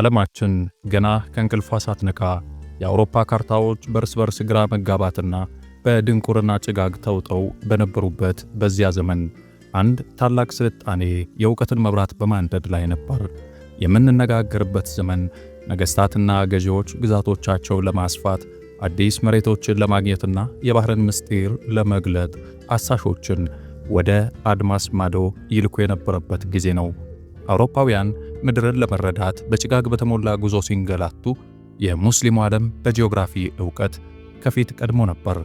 ዓለማችን ገና ከእንቅልፏ ሳትነቃ የአውሮፓ ካርታዎች በርስ በርስ ግራ መጋባትና በድንቁርና ጭጋግ ተውጠው በነበሩበት በዚያ ዘመን አንድ ታላቅ ስልጣኔ የእውቀትን መብራት በማንደድ ላይ ነበር። የምንነጋገርበት ዘመን ነገሥታትና ገዢዎች ግዛቶቻቸውን ለማስፋት አዲስ መሬቶችን ለማግኘትና የባህርን ምስጢር ለመግለጥ አሳሾችን ወደ አድማስ ማዶ ይልኩ የነበረበት ጊዜ ነው። አውሮፓውያን ምድርን ለመረዳት በጭጋግ በተሞላ ጉዞ ሲንገላቱ የሙስሊሙ ዓለም በጂኦግራፊ ዕውቀት ከፊት ቀድሞ ነበር።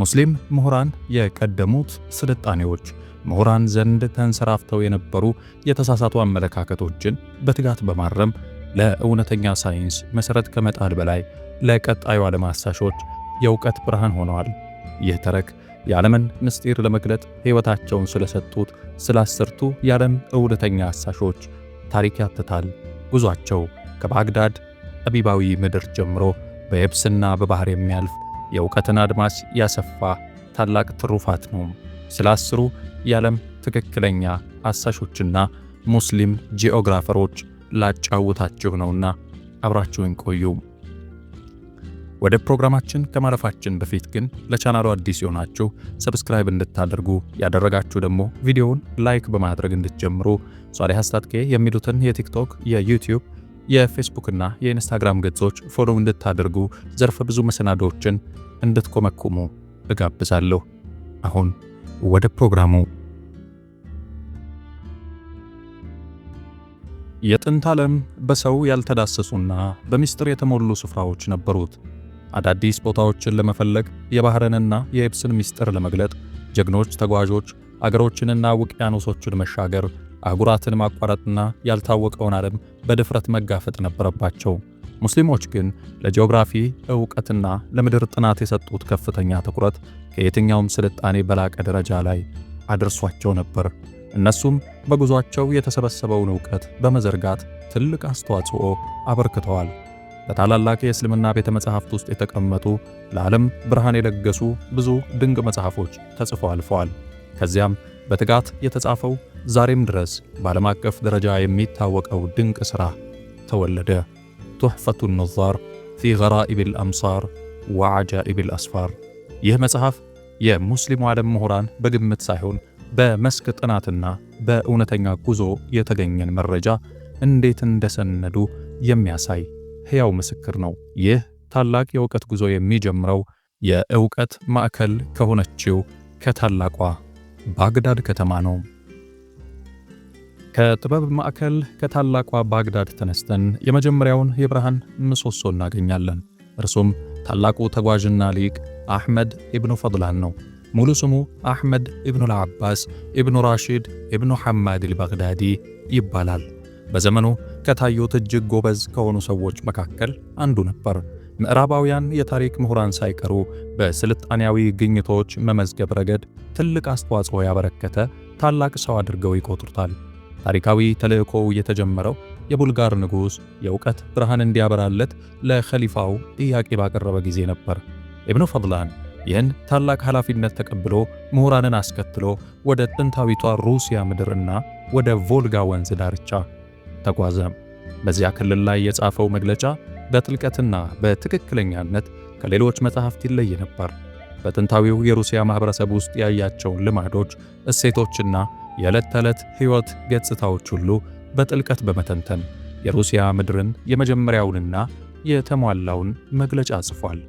ሙስሊም ምሁራን የቀደሙት ስልጣኔዎች ምሁራን ዘንድ ተንሰራፍተው የነበሩ የተሳሳቱ አመለካከቶችን በትጋት በማረም ለእውነተኛ ሳይንስ መሠረት ከመጣል በላይ ለቀጣዩ ዓለም አሳሾች የእውቀት ብርሃን ሆነዋል። ይህ ተረክ የዓለምን ምስጢር ለመግለጥ ሕይወታቸውን ስለሰጡት ስለ አስርቱ የዓለም እውነተኛ አሳሾች ታሪክ ያትታል። ጉዟቸው ከባግዳድ ጠቢባዊ ምድር ጀምሮ በየብስና በባህር የሚያልፍ የእውቀትን አድማስ ያሰፋ ታላቅ ትሩፋት ነው። ስለ አስሩ የዓለም ትክክለኛ አሳሾችና ሙስሊም ጂኦግራፈሮች ላጫውታችሁ ነውና አብራችሁን ቆዩም። ወደ ፕሮግራማችን ከማረፋችን በፊት ግን ለቻናሉ አዲስ የሆናችሁ ሰብስክራይብ እንድታደርጉ ያደረጋችሁ ደግሞ ቪዲዮውን ላይክ በማድረግ እንድትጀምሩ ሷሊህ ሀስታትኬ የሚሉትን የቲክቶክ፣ የዩቲዩብ፣ የፌስቡክ እና የኢንስታግራም ገጾች ፎሎ እንድታደርጉ ዘርፈ ብዙ መሰናዶዎችን እንድትኮመኩሙ እጋብዛለሁ። አሁን ወደ ፕሮግራሙ የጥንት ዓለም በሰው ያልተዳሰሱና በምስጢር የተሞሉ ስፍራዎች ነበሩት። አዳዲስ ቦታዎችን ለመፈለግ የባህርንና የየብስን ምስጢር ለመግለጥ ጀግኖች ተጓዦች አገሮችንና ውቅያኖሶችን መሻገር፣ አህጉራትን ማቋረጥና ያልታወቀውን ዓለም በድፍረት መጋፈጥ ነበረባቸው። ሙስሊሞች ግን ለጂኦግራፊ ዕውቀትና ለምድር ጥናት የሰጡት ከፍተኛ ትኩረት ከየትኛውም ስልጣኔ በላቀ ደረጃ ላይ አድርሷቸው ነበር። እነሱም በጉዟቸው የተሰበሰበውን ዕውቀት በመዘርጋት ትልቅ አስተዋጽኦ አበርክተዋል። በታላላቅ የእስልምና ቤተ መጻሕፍት ውስጥ የተቀመጡ ለዓለም ብርሃን የለገሱ ብዙ ድንቅ መጽሐፎች ተጽፈው አልፈዋል። ከዚያም በትጋት የተጻፈው ዛሬም ድረስ በዓለም አቀፍ ደረጃ የሚታወቀው ድንቅ ሥራ ተወለደ። ቱሕፈቱ ኑዛር ፊ ገራኢብ ልአምሳር ወዓጃኢብ አስፋር ይህ መጽሐፍ የሙስሊሙ ዓለም ምሁራን በግምት ሳይሆን በመስክ ጥናትና በእውነተኛ ጉዞ የተገኘን መረጃ እንዴት እንደሰነዱ የሚያሳይ ሕያው ምስክር ነው። ይህ ታላቅ የእውቀት ጉዞ የሚጀምረው የእውቀት ማዕከል ከሆነችው ከታላቋ ባግዳድ ከተማ ነው። ከጥበብ ማዕከል ከታላቋ ባግዳድ ተነስተን የመጀመሪያውን የብርሃን ምሰሶ እናገኛለን። እርሱም ታላቁ ተጓዥና ሊቅ አሕመድ ኢብኑ ፈድላን ነው። ሙሉ ስሙ አሕመድ ኢብኑ ልዓባስ ኢብኑ ራሺድ ኢብኑ ሐማድ ልባግዳዲ ይባላል። በዘመኑ ከታዩት እጅግ ጎበዝ ከሆኑ ሰዎች መካከል አንዱ ነበር። ምዕራባውያን የታሪክ ምሁራን ሳይቀሩ በስልጣኔያዊ ግኝቶች መመዝገብ ረገድ ትልቅ አስተዋጽኦ ያበረከተ ታላቅ ሰው አድርገው ይቆጥሩታል። ታሪካዊ ተልእኮው የተጀመረው የቡልጋር ንጉሥ የእውቀት ብርሃን እንዲያበራለት ለኸሊፋው ጥያቄ ባቀረበ ጊዜ ነበር። ኢብኑ ፈድላን ይህን ታላቅ ኃላፊነት ተቀብሎ ምሁራንን አስከትሎ ወደ ጥንታዊቷ ሩሲያ ምድርና ወደ ቮልጋ ወንዝ ዳርቻ ተጓዘ። በዚያ ክልል ላይ የጻፈው መግለጫ በጥልቀትና በትክክለኛነት ከሌሎች መጻሕፍት ይለይ ነበር። በጥንታዊው የሩሲያ ማኅበረሰብ ውስጥ ያያቸውን ልማዶች፣ እሴቶችና የዕለት ተዕለት ሕይወት ገጽታዎች ሁሉ በጥልቀት በመተንተን የሩሲያ ምድርን የመጀመሪያውንና የተሟላውን መግለጫ ጽፏል።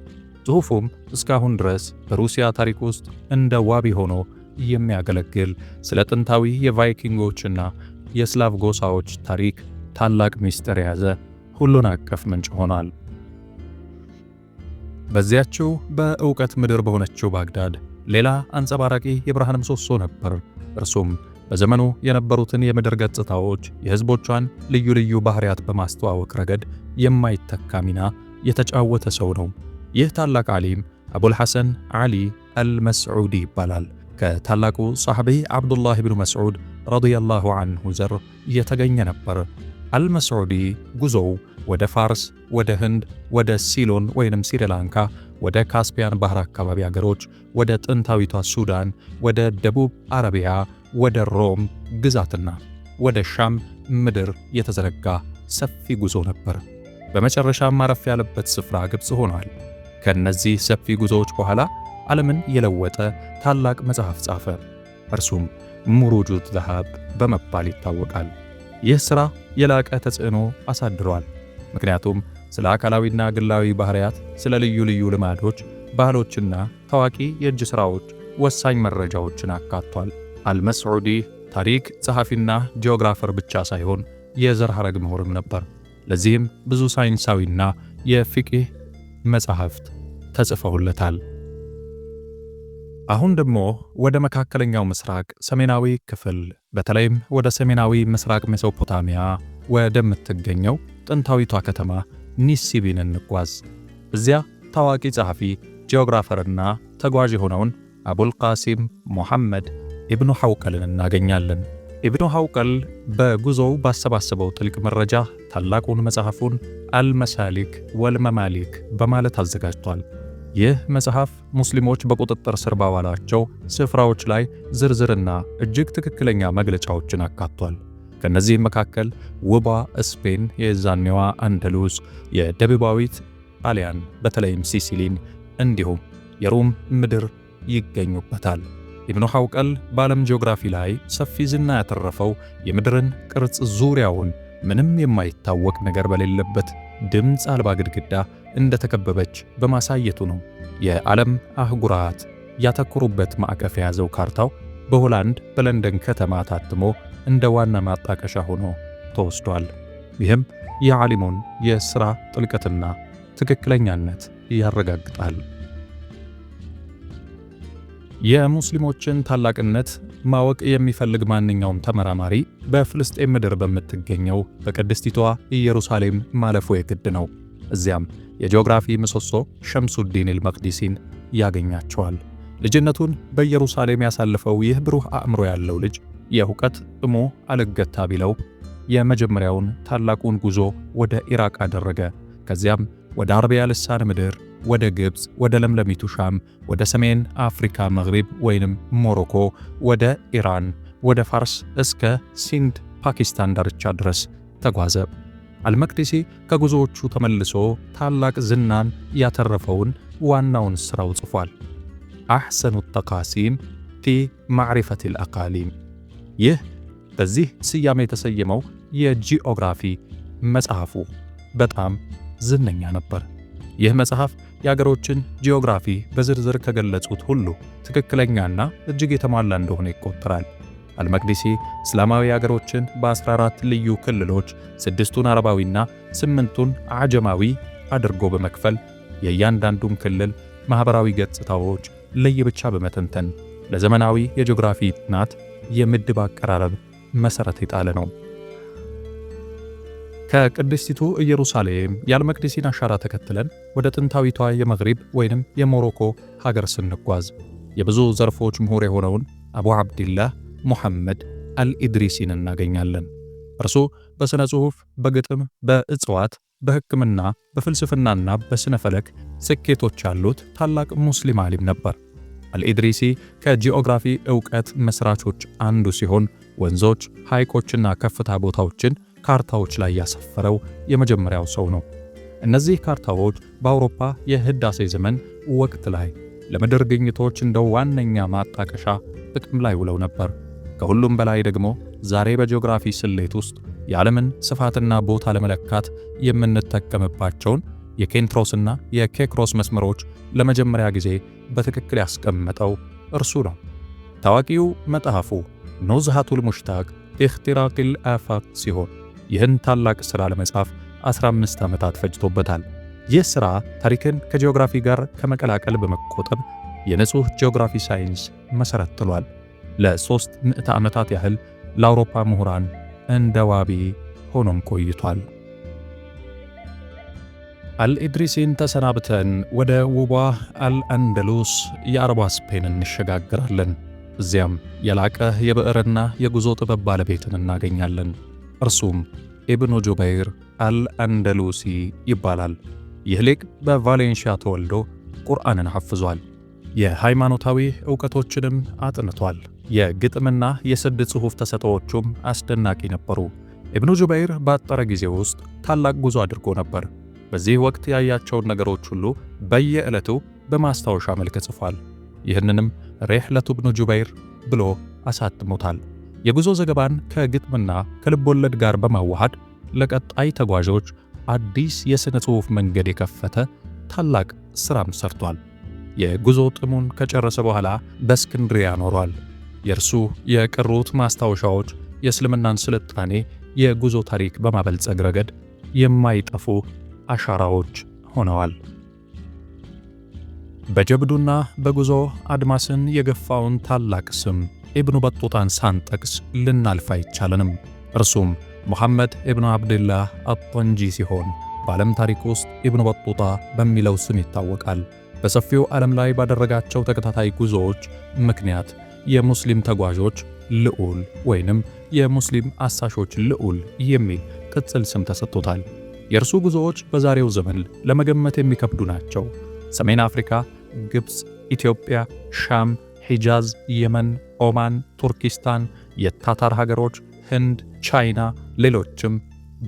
ጽሑፉም እስካሁን ድረስ በሩሲያ ታሪክ ውስጥ እንደ ዋቢ ሆኖ የሚያገለግል ስለ ጥንታዊ የቫይኪንጎችና የስላቭ ጎሳዎች ታሪክ ታላቅ ምስጢር የያዘ ሁሉን አቀፍ ምንጭ ሆኗል። በዚያችው በእውቀት ምድር በሆነችው ባግዳድ ሌላ አንጸባራቂ የብርሃን ምሰሶ ነበር። እርሱም በዘመኑ የነበሩትን የምድር ገጽታዎች፣ የህዝቦቿን ልዩ ልዩ ባህሪያት በማስተዋወቅ ረገድ የማይተካ ሚና የተጫወተ ሰው ነው። ይህ ታላቅ ዓሊም አቡል ዓሊ አልመስዑዲ ይባላል። ከታላቁ ሳሕቢ ዓብዱላህ ብኑ መስዑድ ረዲየላሁ አንሁ ዘር እየተገኘ ነበር። አልመስዑዲ ጉዞው ወደ ፋርስ፣ ወደ ህንድ፣ ወደ ሲሎን ወይንም ሲሪላንካ፣ ወደ ካስፒያን ባህር አካባቢ አገሮች፣ ወደ ጥንታዊቷ ሱዳን፣ ወደ ደቡብ አረቢያ፣ ወደ ሮም ግዛትና ወደ ሻም ምድር የተዘረጋ ሰፊ ጉዞ ነበር። በመጨረሻም ማረፍ ያለበት ስፍራ ግብፅ ሆኗል። ከነዚህ ሰፊ ጉዞዎች በኋላ ዓለምን የለወጠ ታላቅ መጽሐፍ ጻፈ። እርሱም ሙሩጁት ዘሃብ በመባል ይታወቃል። ይህ ሥራ የላቀ ተጽዕኖ አሳድሯል። ምክንያቱም ስለ አካላዊና ግላዊ ባህሪያት፣ ስለ ልዩ ልዩ ልማዶች፣ ባህሎችና ታዋቂ የእጅ ሥራዎች ወሳኝ መረጃዎችን አካቷል። አልመስዑዲ ታሪክ ጸሐፊና ጂኦግራፈር ብቻ ሳይሆን የዘር ሐረግ ምሁርም ነበር። ለዚህም ብዙ ሳይንሳዊና የፊቅህ መጻሕፍት ተጽፈውለታል። አሁን ደግሞ ወደ መካከለኛው ምስራቅ ሰሜናዊ ክፍል በተለይም ወደ ሰሜናዊ ምስራቅ ሜሶፖታሚያ ወደምትገኘው ጥንታዊቷ ከተማ ኒሲቢን እንጓዝ። እዚያ ታዋቂ ጸሐፊ፣ ጂኦግራፈርና ተጓዥ የሆነውን አቡልቃሲም ሙሐመድ ኢብኑ ሐውቀልን እናገኛለን። ኢብኑ ሐውቀል በጉዞው ባሰባሰበው ጥልቅ መረጃ ታላቁን መጽሐፉን አልመሳሊክ ወልመማሊክ በማለት አዘጋጅቷል። ይህ መጽሐፍ ሙስሊሞች በቁጥጥር ስር ባዋላቸው ስፍራዎች ላይ ዝርዝርና እጅግ ትክክለኛ መግለጫዎችን አካቷል። ከነዚህም መካከል ውቧ ስፔን፣ የዛኔዋ አንደሉስ፣ የደቡባዊት ጣሊያን በተለይም ሲሲሊን፣ እንዲሁም የሩም ምድር ይገኙበታል። ኢብኑ ሐውቀል በዓለም ጂኦግራፊ ላይ ሰፊ ዝና ያተረፈው የምድርን ቅርጽ ዙሪያውን ምንም የማይታወቅ ነገር በሌለበት ድምፅ አልባ ግድግዳ እንደተከበበች በማሳየቱ ነው። የዓለም አህጉራት ያተኮሩበት ማዕቀፍ የያዘው ካርታው በሆላንድ በለንደን ከተማ ታትሞ እንደ ዋና ማጣቀሻ ሆኖ ተወስዷል። ይህም የዓሊሙን የሥራ ጥልቀትና ትክክለኛነት ያረጋግጣል። የሙስሊሞችን ታላቅነት ማወቅ የሚፈልግ ማንኛውም ተመራማሪ በፍልስጤም ምድር በምትገኘው በቅድስቲቷ ኢየሩሳሌም ማለፉ የግድ ነው። እዚያም የጂኦግራፊ ምሰሶ ሸምሱዲን አልመቅዲሲን ያገኛቸዋል። ልጅነቱን በኢየሩሳሌም ያሳለፈው ይህ ብሩህ አእምሮ ያለው ልጅ የእውቀት ጥሞ አልገታ ቢለው የመጀመሪያውን ታላቁን ጉዞ ወደ ኢራቅ አደረገ። ከዚያም ወደ አረቢያ ልሳን ምድር፣ ወደ ግብፅ፣ ወደ ለምለሚቱ ሻም፣ ወደ ሰሜን አፍሪካ መግሪብ ወይንም ሞሮኮ፣ ወደ ኢራን፣ ወደ ፋርስ እስከ ሲንድ ፓኪስታን ዳርቻ ድረስ ተጓዘ። አልመቅዲሲ ከጉዞዎቹ ተመልሶ ታላቅ ዝናን ያተረፈውን ዋናውን ሥራው ጽፏል፣ አሕሰኑ ተቃሲም ፊ ማዕሪፈት ልአቃሊም። ይህ በዚህ ስያሜ የተሰየመው የጂኦግራፊ መጽሐፉ በጣም ዝነኛ ነበር። ይህ መጽሐፍ የአገሮችን ጂኦግራፊ በዝርዝር ከገለጹት ሁሉ ትክክለኛና እጅግ የተሟላ እንደሆነ ይቆጠራል። አልመቅዲሲ እስላማዊ አገሮችን በ14 ልዩ ክልሎች ስድስቱን አረባዊና ስምንቱን አጀማዊ አድርጎ በመክፈል የእያንዳንዱን ክልል ማኅበራዊ ገጽታዎች ለየብቻ በመተንተን ለዘመናዊ የጂኦግራፊ ጥናት የምድብ አቀራረብ መሠረት የጣለ ነው። ከቅድስቲቱ ኢየሩሳሌም የአልመቅዲሲን አሻራ ተከትለን ወደ ጥንታዊቷ የመግሪብ ወይንም የሞሮኮ ሀገር ስንጓዝ የብዙ ዘርፎች ምሁር የሆነውን አቡ ዓብድላህ ሙሐመድ አልኢድሪሲን እናገኛለን። እርሱ በሥነ ጽሑፍ፣ በግጥም፣ በእጽዋት፣ በሕክምና፣ በፍልስፍናና በሥነ ፈለክ ስኬቶች ያሉት ታላቅ ሙስሊም ዓሊም ነበር። አልኢድሪሲ ከጂኦግራፊ ዕውቀት መሥራቾች አንዱ ሲሆን ወንዞች፣ ሐይቆችና ከፍታ ቦታዎችን ካርታዎች ላይ ያሰፈረው የመጀመሪያው ሰው ነው። እነዚህ ካርታዎች በአውሮፓ የህዳሴ ዘመን ወቅት ላይ ለምድር ግኝቶች እንደ ዋነኛ ማጣቀሻ ጥቅም ላይ ውለው ነበር። ከሁሉም በላይ ደግሞ ዛሬ በጂኦግራፊ ስሌት ውስጥ የዓለምን ስፋትና ቦታ ለመለካት የምንጠቀምባቸውን የኬንትሮስና የኬክሮስ መስመሮች ለመጀመሪያ ጊዜ በትክክል ያስቀመጠው እርሱ ነው። ታዋቂው መጽሐፉ ኖዝሃቱል ሙሽታቅ ኢኽትራቂል አፋቅ ሲሆን ይህን ታላቅ ሥራ ለመጻፍ 15 ዓመታት ፈጅቶበታል። ይህ ሥራ ታሪክን ከጂኦግራፊ ጋር ከመቀላቀል በመቆጠብ የንጹሕ ጂኦግራፊ ሳይንስ መሠረት ጥሏል። ለሶስት ምዕተ ዓመታት ያህል ለአውሮፓ ምሁራን እንደ ዋቢ ሆኖም ቆይቷል። አልኢድሪሲን ተሰናብተን ወደ ውቧ አልአንደሉስ የአረቧ ስፔን እንሸጋግራለን። እዚያም የላቀ የብዕርና የጉዞ ጥበብ ባለቤትን እናገኛለን። እርሱም ኢብኑ ጁበይር አልአንደሉሲ ይባላል። ይህ ሊቅ በቫሌንሺያ ተወልዶ ቁርአንን ሐፍዟል። የሃይማኖታዊ ዕውቀቶችንም አጥንቷል። የግጥምና የስድ ጽሑፍ ተሰጥኦዎቹም አስደናቂ ነበሩ። ኢብኑ ጁበይር ባጠረ ጊዜ ውስጥ ታላቅ ጉዞ አድርጎ ነበር። በዚህ ወቅት ያያቸውን ነገሮች ሁሉ በየዕለቱ በማስታወሻ መልክ ጽፏል። ይህንንም ሬሕለቱ ብኑ ጁበይር ብሎ አሳትሞታል። የጉዞ ዘገባን ከግጥምና ከልቦለድ ጋር በማዋሃድ ለቀጣይ ተጓዦች አዲስ የሥነ ጽሑፍ መንገድ የከፈተ ታላቅ ሥራም ሰርቷል። የጉዞ ጥሙን ከጨረሰ በኋላ በእስክንድሪያ ኖሯል። የእርሱ የቀሩት ማስታወሻዎች የእስልምናን ስልጣኔ የጉዞ ታሪክ በማበልጸግ ረገድ የማይጠፉ አሻራዎች ሆነዋል። በጀብዱና በጉዞ አድማስን የገፋውን ታላቅ ስም ኢብኑ በጡታን ሳንጠቅስ ልናልፍ አይቻለንም። እርሱም ሙሐመድ ኢብኑ አብድላህ አጠንጂ ሲሆን በዓለም ታሪክ ውስጥ ኢብኑ በጡታ በሚለው ስም ይታወቃል። በሰፊው ዓለም ላይ ባደረጋቸው ተከታታይ ጉዞዎች ምክንያት የሙስሊም ተጓዦች ልዑል ወይንም የሙስሊም አሳሾች ልዑል የሚል ቅጽል ስም ተሰጥቶታል። የእርሱ ጉዞዎች በዛሬው ዘመን ለመገመት የሚከብዱ ናቸው። ሰሜን አፍሪካ፣ ግብፅ፣ ኢትዮጵያ፣ ሻም፣ ሂጃዝ፣ የመን፣ ኦማን፣ ቱርኪስታን፣ የታታር ሀገሮች፣ ህንድ፣ ቻይና፣ ሌሎችም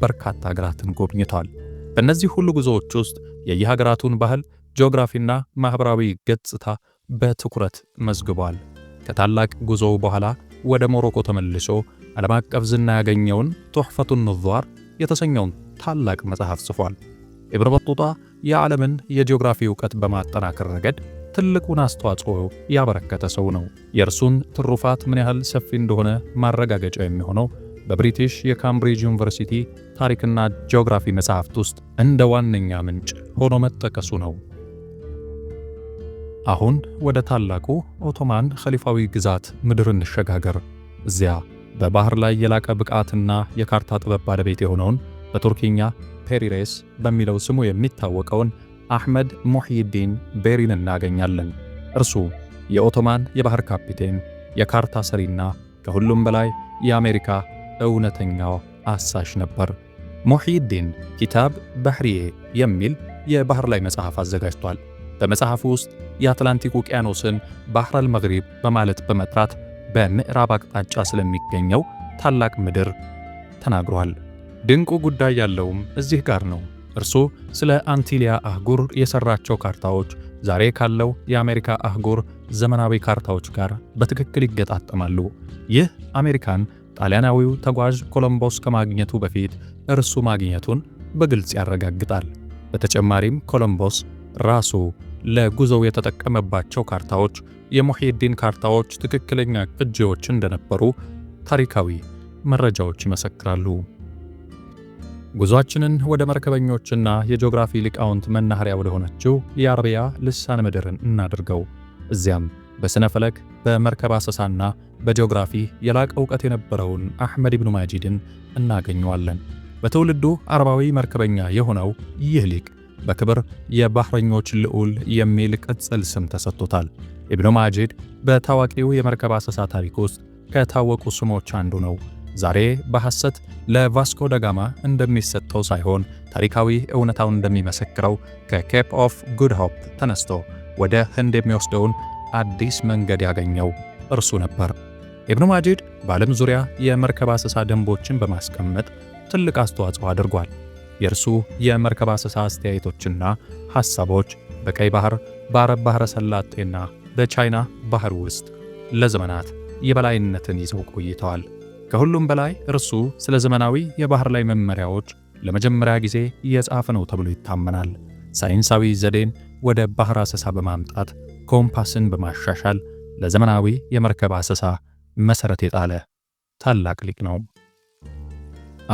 በርካታ ሀገራትን ጎብኝቷል። በእነዚህ ሁሉ ጉዞዎች ውስጥ የየሀገራቱን ባህል፣ ጂኦግራፊና ማኅበራዊ ገጽታ በትኩረት መዝግቧል። ከታላቅ ጉዞው በኋላ ወደ ሞሮኮ ተመልሶ ዓለም አቀፍ ዝና ያገኘውን ቱሕፈቱን ንዟር የተሰኘውን ታላቅ መጽሐፍ ጽፏል። ኢብን በጡጣ የዓለምን የጂኦግራፊ ዕውቀት በማጠናከር ረገድ ትልቁን አስተዋጽኦ ያበረከተ ሰው ነው። የእርሱን ትሩፋት ምን ያህል ሰፊ እንደሆነ ማረጋገጫ የሚሆነው በብሪቲሽ የካምብሪጅ ዩኒቨርሲቲ ታሪክና ጂኦግራፊ መጽሐፍት ውስጥ እንደ ዋነኛ ምንጭ ሆኖ መጠቀሱ ነው። አሁን ወደ ታላቁ ኦቶማን ኸሊፋዊ ግዛት ምድር እንሸጋገር። እዚያ በባህር ላይ የላቀ ብቃትና የካርታ ጥበብ ባለቤት የሆነውን በቱርኪኛ ፔሪሬስ በሚለው ስሙ የሚታወቀውን አሕመድ ሙሕይዲን ቤሪን እናገኛለን። እርሱ የኦቶማን የባህር ካፒቴን፣ የካርታ ሰሪና ከሁሉም በላይ የአሜሪካ እውነተኛው አሳሽ ነበር። ሙሕይዲን ኪታብ ባሕርዬ የሚል የባህር ላይ መጽሐፍ አዘጋጅቷል። በመጽሐፉ ውስጥ የአትላንቲክ ውቅያኖስን ባሕረል አልመግሪብ በማለት በመጥራት በምዕራብ አቅጣጫ ስለሚገኘው ታላቅ ምድር ተናግሯል። ድንቁ ጉዳይ ያለውም እዚህ ጋር ነው። እርሱ ስለ አንቲሊያ አህጉር የሰራቸው ካርታዎች ዛሬ ካለው የአሜሪካ አህጉር ዘመናዊ ካርታዎች ጋር በትክክል ይገጣጠማሉ። ይህ አሜሪካን ጣሊያናዊው ተጓዥ ኮሎምቦስ ከማግኘቱ በፊት እርሱ ማግኘቱን በግልጽ ያረጋግጣል። በተጨማሪም ኮሎምቦስ ራሱ ለጉዞው የተጠቀመባቸው ካርታዎች የሙሒዲን ካርታዎች ትክክለኛ ቅጂዎች እንደነበሩ ታሪካዊ መረጃዎች ይመሰክራሉ። ጉዟችንን ወደ መርከበኞችና የጂኦግራፊ ሊቃውንት መናኸሪያ ወደሆነችው ሆነችው የአረቢያ ልሳነ ምድርን እናድርገው። እዚያም በሥነ ፈለክ በመርከብ አሰሳና በጂኦግራፊ የላቀ እውቀት የነበረውን አሕመድ ኢብኑ ማጂድን እናገኘዋለን። በትውልዱ አረባዊ መርከበኛ የሆነው ይህ ሊቅ በክብር የባህረኞች ልዑል የሚል ቅጽል ስም ተሰጥቶታል። ኢብኑ ማጂድ በታዋቂው የመርከብ አሰሳ ታሪክ ውስጥ ከታወቁ ስሞች አንዱ ነው። ዛሬ በሐሰት ለቫስኮ ደጋማ እንደሚሰጠው ሳይሆን ታሪካዊ እውነታውን እንደሚመሰክረው ከኬፕ ኦፍ ጉድ ሆፕ ተነስቶ ወደ ህንድ የሚወስደውን አዲስ መንገድ ያገኘው እርሱ ነበር። ኢብኑ ማጂድ በዓለም ዙሪያ የመርከብ አሰሳ ደንቦችን በማስቀመጥ ትልቅ አስተዋጽኦ አድርጓል። የእርሱ የመርከብ አሰሳ አስተያየቶችና ሐሳቦች በቀይ ባህር፣ በአረብ ባህረ ሰላጤና በቻይና ባህር ውስጥ ለዘመናት የበላይነትን ይዘው ቆይተዋል። ከሁሉም በላይ እርሱ ስለ ዘመናዊ የባህር ላይ መመሪያዎች ለመጀመሪያ ጊዜ እየጻፈ ነው ተብሎ ይታመናል። ሳይንሳዊ ዘዴን ወደ ባህር አሰሳ በማምጣት ኮምፓስን በማሻሻል ለዘመናዊ የመርከብ አሰሳ መሠረት የጣለ ታላቅ ሊቅ ነው።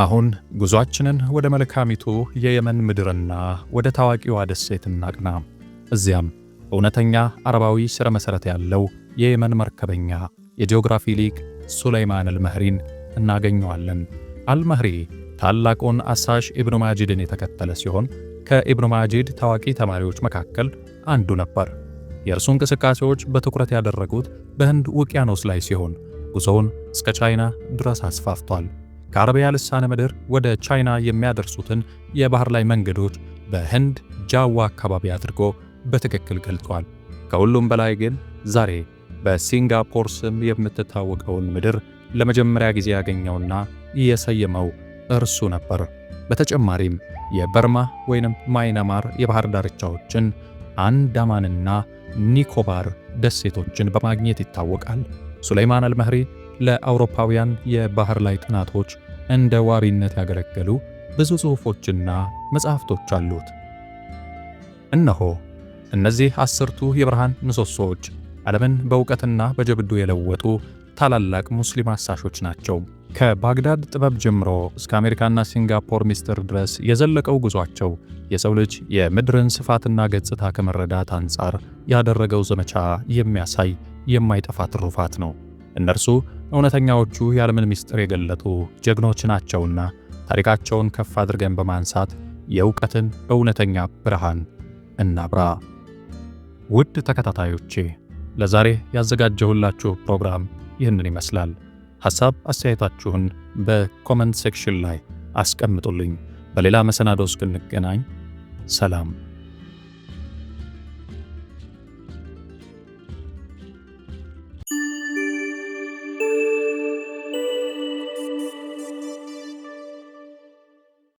አሁን ጉዞአችንን ወደ መልካሚቱ የየመን ምድርና ወደ ታዋቂዋ ደሴት እናቅና። እዚያም እውነተኛ አረባዊ ሥረ መሠረት ያለው የየመን መርከበኛ የጂኦግራፊ ሊቅ ሱለይማን አልመህሪን እናገኘዋለን። አልመህሪ ታላቁን አሳሽ ኢብኑ ማጂድን የተከተለ ሲሆን ከኢብኑ ማጂድ ታዋቂ ተማሪዎች መካከል አንዱ ነበር። የእርሱ እንቅስቃሴዎች በትኩረት ያደረጉት በህንድ ውቅያኖስ ላይ ሲሆን ጉዞውን እስከ ቻይና ድረስ አስፋፍቷል። ከአረቢያ ልሳነ ምድር ወደ ቻይና የሚያደርሱትን የባህር ላይ መንገዶች በህንድ ጃዋ አካባቢ አድርጎ በትክክል ገልጧል። ከሁሉም በላይ ግን ዛሬ በሲንጋፖር ስም የምትታወቀውን ምድር ለመጀመሪያ ጊዜ ያገኘውና የሰየመው እርሱ ነበር። በተጨማሪም የበርማ ወይንም ማይናማር የባህር ዳርቻዎችን አንዳማንና ኒኮባር ደሴቶችን በማግኘት ይታወቃል። ሱሌይማን አልመህሪ ለአውሮፓውያን የባህር ላይ ጥናቶች እንደ ዋቢነት ያገለገሉ ብዙ ጽሑፎችና መጻሕፍቶች አሉት። እነሆ እነዚህ አስርቱ የብርሃን ምሰሶዎች ዓለምን በእውቀትና በጀብዱ የለወጡ ታላላቅ ሙስሊም አሳሾች ናቸው። ከባግዳድ ጥበብ ጀምሮ እስከ አሜሪካና ሲንጋፖር ሚስጥር ድረስ የዘለቀው ጉዟቸው የሰው ልጅ የምድርን ስፋትና ገጽታ ከመረዳት አንጻር ያደረገው ዘመቻ የሚያሳይ የማይጠፋ ትሩፋት ነው። እነርሱ እውነተኛዎቹ የዓለምን ምስጢር የገለጡ ጀግኖች ናቸውና ታሪካቸውን ከፍ አድርገን በማንሳት የእውቀትን እውነተኛ ብርሃን እናብራ። ውድ ተከታታዮቼ ለዛሬ ያዘጋጀሁላችሁ ፕሮግራም ይህንን ይመስላል። ሐሳብ አስተያየታችሁን በኮመንት ሴክሽን ላይ አስቀምጡልኝ። በሌላ መሰናዶ እስክንገናኝ ሰላም።